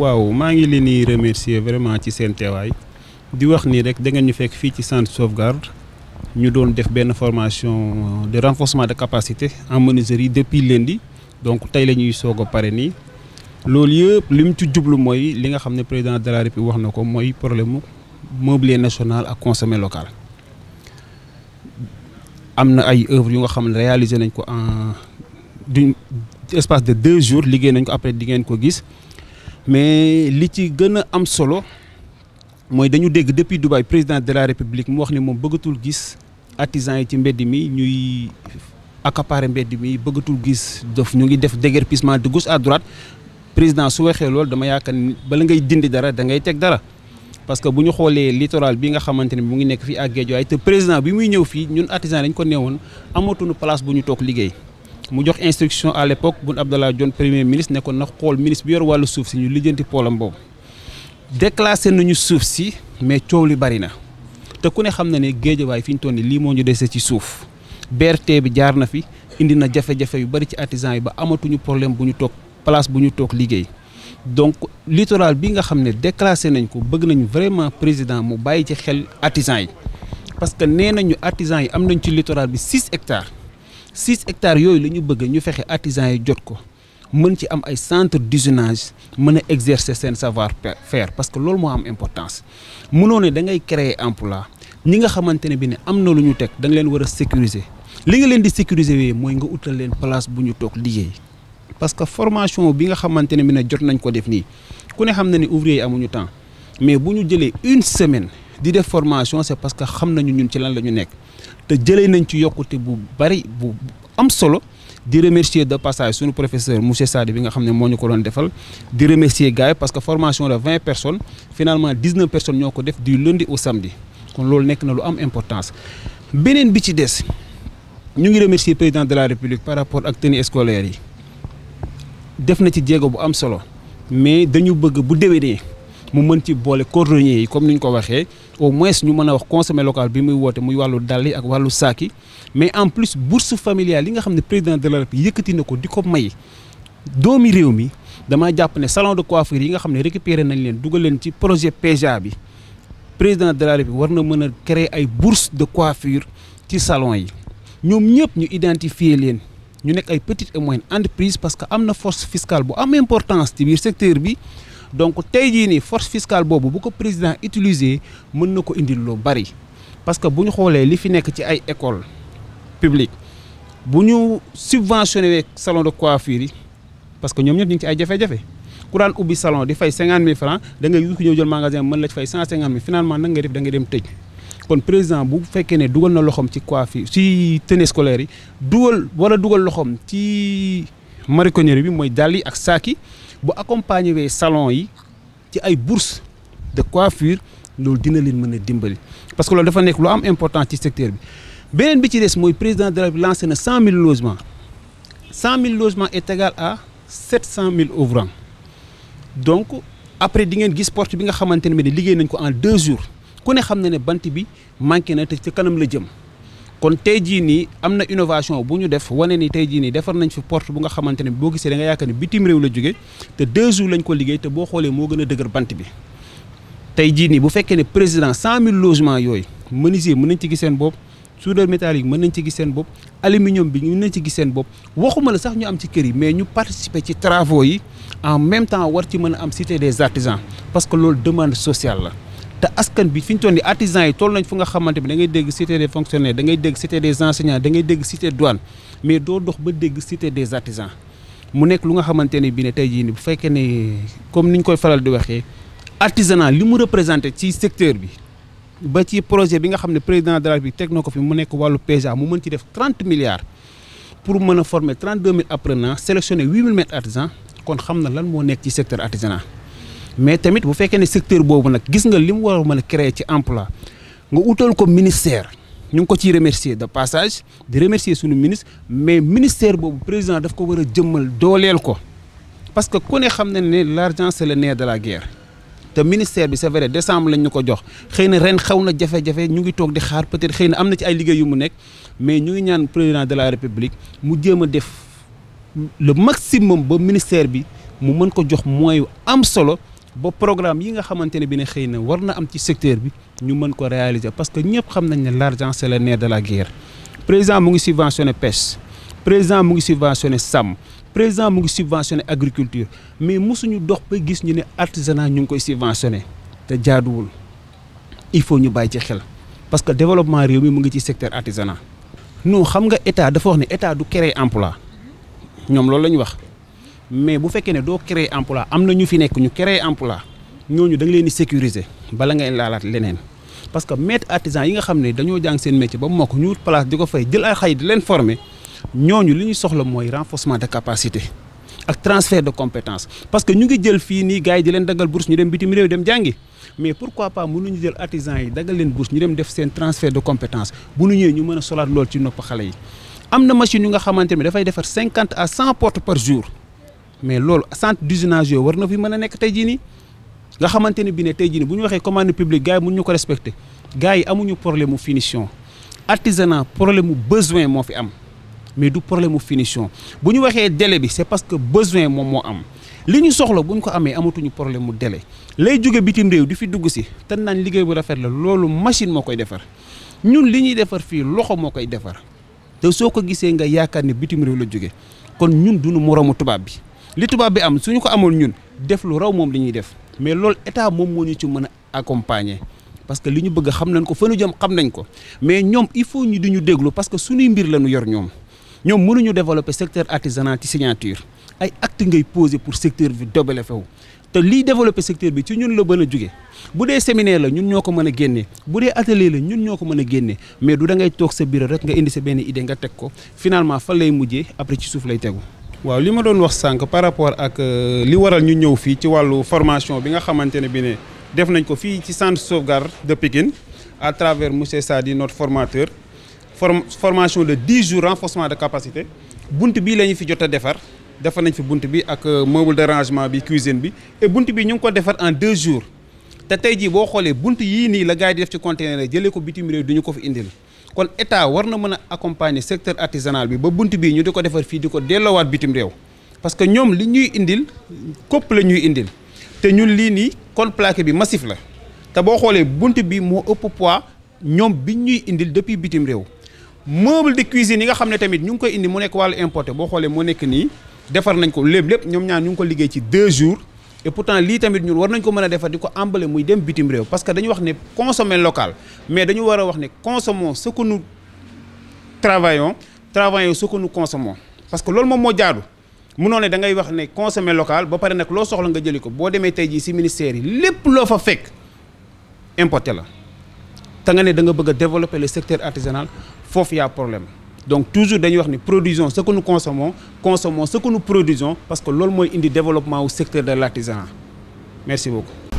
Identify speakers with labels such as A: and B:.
A: waaw maa ngi leen di remercier vraiment ci seen teewaay di wax nii rek da ngeen ñu fekk fii ci centre sauvegarde ñu doon def benn formation de renforcement de capacité en menuiserie depuis di donc tey la ñuy soog a pare nii loolu yëpp li mu ci jublu mooy li nga xam ne président de la république wax na ko mooy problème mu mobilier national ak consommé local am na ay œuvres yu nga xam ne réalisé nañ ko en du espace de deux jours liggéey nañ ko après di ngeen ko gis mais li ci gën a am solo mooy dañu dégg depuis Dubaï président de la république mu wax ni moom bëggatul gis artisans yi ci mbedd mi ñuy accaparer mbedd mi bëggatul gis daf ñu ngi def déguerpissement de gauche à droite président su waxee lool dama yaakaar bala ngay dindi dara da teg dara. parce que bu ñu xoolee littoral bi nga xamante ne mu ngi nekk fii ak Guédiawaye te président bi muy ñëw fii ñun artisan dañ ko neewoon amatuñu place bu ñu toog liggéey. mu jox instruction à l'époque Boun Abdallah Dionne premier ministre ne ko na xool ministre bi yor wàllu suuf si ñu lijjanti poolam boobu déclassé nañu suuf si mais coow li bari na te ku ne xam na ne géejawaay fi ñu toll nii lii moo ñu dese ci suuf BRT bi jaar na fi indi na jafe-jafe yu bari ci artisan yi ba amatuñu problème bu ñu toog place bu ñu toog liggéey donc littoral bi nga xam ne déclassé nañ ko bëgg nañ vraiment président mu bàyyi ci xel artisan yi parce que nee nañu artisan yi am nañ ci littoral bi six hectares six hectares yooyu la ñu bëgg ñu fexe artisans yi jot ko mën ci am ay centre d'usinage mën a exercer seen savoir fair parce que loolu moo am importance mënoo ne da ngay créer emploi ñi nga xamante ne bi ne am na lu ñu teg da leen war a sécuriser li nga leen di sécuriser wee mooy nga utal leen place bu ñu toog liggéey parce que formation bi nga xamante ne bi ne jot nañ ko def nii ku ne xam na ni ouvrier yi amuñu temps mais bu ñu jëlee une semaine di def formation c'est parce que xam nañu ñun ci lan la ñu nekk te jëlee nañ ci yokkute bu bari bu am solo di remercier de passage suñu professeur monsieur Sadi bi nga xam ne moo ñu ko doon defal di remercier gars yi parce que formation de vingt personnes finalement dix-neuf personnes ñoo ko def du lundi au samedi kon loolu nekk na lu am importance beneen bi ci des ñu ngi remercier président de la république par rapport ak tenue scolaire yi def na ci jéego bu am solo mais dañu bëgg bu déwénee mu mën ci boole cordonnier yi comme ni ñu ko waxee au moins ñu mën a wax consommer local bi muy woote muy wàllu dàll yi ak wàllu saaki mais en plus bourse familiale yi nga xam ne président de la République yëkkati na ko di ko may doomi réew mi dama jàpp ne salon de coiffure yi nga xam ne récupéré nañ leen dugal leen ci projet PEJA bi président de la République war na mën a créer ay bourse de coiffure ci salon yi ñoom ñëpp ñu identifier leen ñu nekk ay petite et moyenne parce que am na force fiscale bu am importance ci biir secteur bi donc tey jii nii force fiscale boobu bu ko président utiliser mën na ko indil lu bari parce que bu ñu xoolee li fi nekk ci ay école publique bu ñu subventionné salon de coiffure yi parce que ñoom ñëpp ñu ci ay jafe-jafe ku daan ubbi salon di fay cinquante mille francs da ngay yuuxu ñëw jël magasin mën la ci fay cent cinquante mille finalement nag ngay def da ngay dem tëj kon président bu fekkee ne dugal na loxoom ci coiffure ci tenue scolaire yi dugal war a dugal loxoom ci maroquinerie bi mooy dàll yi ak saak bu accompagner wee salon yi ci ay bourse de coiffure loolu dina leen mën a dimbali parce que loolu dafa nekk lu am important ci secteur bi beneen bi ci des mooy président de la République na cent mille logements cent mille logements est égal à cent mille ouvrants donc après di ngeen gis porte bi nga xamante ne liggéey nañ ko en deux jours ku ne xam na ne bant bi manqué na te ca kanam la jëm kon tey jii nii am na innovation bu ñu def wane ni tey jii nii defar nañ fi porte bu nga xamante ne boo gisee da nga yaakaar ni bitim réew la jóge te deux jours lañ ko liggéey te boo xoolee moo gën a dëgër bant bi tey jii nii bu fekkee ne président cent mille logements yooyu menuisier mën nañ ci giseen seen bopp soudeur métallique mën nañ ci gis seen bopp aluminium bi mën nañ ci giseen seen waxuma la sax ñu am ci kër yi mais ñu participer ci travaux yi en même temps war ci mën a am cité des artisans parce que loolu demande sociale la te askan bi fi ñu ton nii artisans yi toll nañ fu nga xamante bi dangay ngay dégg cité des fonctionnaires da ngay dégg cité des enseignants da ngay dégg cité douane mais doo dox ba dégg cité des artisans mu nekk lu nga xamante ne bii ne tey jii ni bu fekkee ne comme ni ñu koy faral di waxee artisanat li mu représenté ci secteur bi ba ci projet bi nga xam ne président de la teg na ko fi mu nekk wàllu PEJA mu mën ci def trente milliards pour mën a former trente deux mille apprenants sélectionner huit mille mètres artisans kon xam na lan nekk ci secteur artisanat. mais tamit bu fekkee ne secteur boobu nag gis nga li mu war a mën a créer ci emploi nga utal ko ministère ñu ngi ko ciy remercier de passage di remercier suñu ministre mais ministère boobu président daf ko war a jëmmal dooleel ko parce que ku ne xam na ne l'argent c'est le nerf de la guerre te ministère bi c'est vrai décembre lañ ñu ko jox xëy na ren xaw na jafe-jafe ñu ngi toog di xaar peut-être xëy na am na ci ay liggéey yu mu nekk mais ñu ngi ñaan président de la république mu jéem a def le maximum ba ministère bi mu mën ko jox moyens am solo ba programme yi nga xamante ne bi ne xëy na war na am ci secteur bi ñu mën ko réaliser parce que ñëpp xam nañ ne l' argent c' le nerf de la guerre président mu ngi subventionné pêche président mu ngi subventionné sàmm président mu ngi subventionné agriculture mais mosuñu dox ba gis ñu ne artisanat ñu ngi koy subventionné te jaaduwul il faut ñu bàyyi ci xel parce que développement réew mi mu ngi ci secteur artisanat noo xam nga état dafa wax ne état du créer emploi ñoom loolu la ñu wax. mais bu fekkee ne doo créer emploi am na ñu fi nekk ñu créer emploi ñooñu da leen di sécuriser bala nga laalaat leneen parce que maître artisan yi nga xam ne dañoo jàng seen métier ba mokk ñu wut place di ko fay jël ay xay di leen former ñooñu li ñu soxla mooy renforcement de capacité ak transfert de compétence parce que ñu ngi jël fii nii gars yi di leen daggal bourse ñu dem bitim réew dem jàngi mais pourquoi pas mënuñu jël artisan yi daggal leen bourse ñu dem def seen transfert de compétence ñu mën a solaat lool ci nopp xale yi am na machine yu nga xamante dafay defar cinquante à cent portes par jour mais loolu centre d'usinage yooyu war na fi mën a nekk tey jii nii nga xamante ne bi ne tey jii bu ñu waxee commande publique gars yi mun ñu ko respecté gars yi amuñu problème mu finition artisanat problème mu besoin moo fi am mais du problème mu finition bu ñu waxee délai bi c'est parce que besoin moom moo am li ñu soxla bu ñu ko amee amatuñu problème mu délai lay jóge bitim réew di fi dugg si te naan liggéey bu rafet la loolu machine moo koy defar ñun li ñuy defar fii loxo moo koy defar te soo ko gisee nga yaakaar ne bitim réew la jóge kon ñun duñu moroomu tubaab bi li tubaab bi am suñu ko amoon ñun def lu raw moom li ñuy def mais loolu état moom moo ñu ci mën a accompagner parce que li ñu bëgg xam nañ ko fa ñu jëm xam nañ ko mais ñoom il faut ñu di ñu déglu parce que suñuy mbir la ñu yor ñoom ñoom mënuñu développer secteur artisanal ci signature ay acte ngay poser pour secteur bi dobale fewu te liy développer secteur bi ci ñun la mën a jóge bu dee séminaire la ñun ñoo ko mën a génnee bu dee atelier la ñun ñoo ko mën a génnee mais du da ngay toog sa bureau nga indi sa benn idée nga teg ko finalement fan lay mujjee après ci suuf lay tegu waaw li ma doon wax sànq par rapport ak euh, li waral ñu ñëw fii ci wàllu formation bi nga xamante ne bi ne def nañ ko fii ci centre sauvegarde de Pikine à travers monsieur Sadi notre formateur form formation de 10 jours renforcement de capacité bunt bi la ñu fi jot a defar defar nañ fi bunt bi ak euh, meuble de rangement bi cuisine bi et bunt bi ñu ngi ko defar en deux jours te tey ji boo xoolee bunt yii nii la gars yi di def ci conteneur jële ko bitim réew du ko fi indil kon état war na mën a accompagner secteur artisanal bi ba bunt bii ñu di ko defar fii di ko delloowaat bitim réew parce que ñoom li ñuy indil kopp la ñuy indil te ñun lii nii kon plaqué bi massif la te boo xoolee bunt bi moo ëpp poids ñoom bi ñuy indil depuis bitim réew meuble de cuisine yi nga xam ne tamit ñu ngi koy indi mu nekk wàllu importé boo xoolee mu nekk nii defar nañ ko lép lépp ñoom ñaan ñu ngi ko liggéey ci deux jours et lii tamit ñun war nañ ko mën a defar di ko emballé muy dem bitim réew parce que dañu wax ne consommer local mais dañu war a wax ne consommons ce que nous travaillons travaillons ce que nous consommons parce que loolu moom moo jaadu munoo ne da ngay wax ne consommer local ba pare nag loo soxla nga jëli ko boo demee tey jii si ministère yi lépp loo fa fekk importé la te nga ne danga nga bëgg a développer le secteur artisanal foofu y problème donc toujours dañu wax ni produisons ce que nous consommons consommons ce que nous produisons parce que loolu mooy indi développement au secteur de l'artisanat merci beaucoup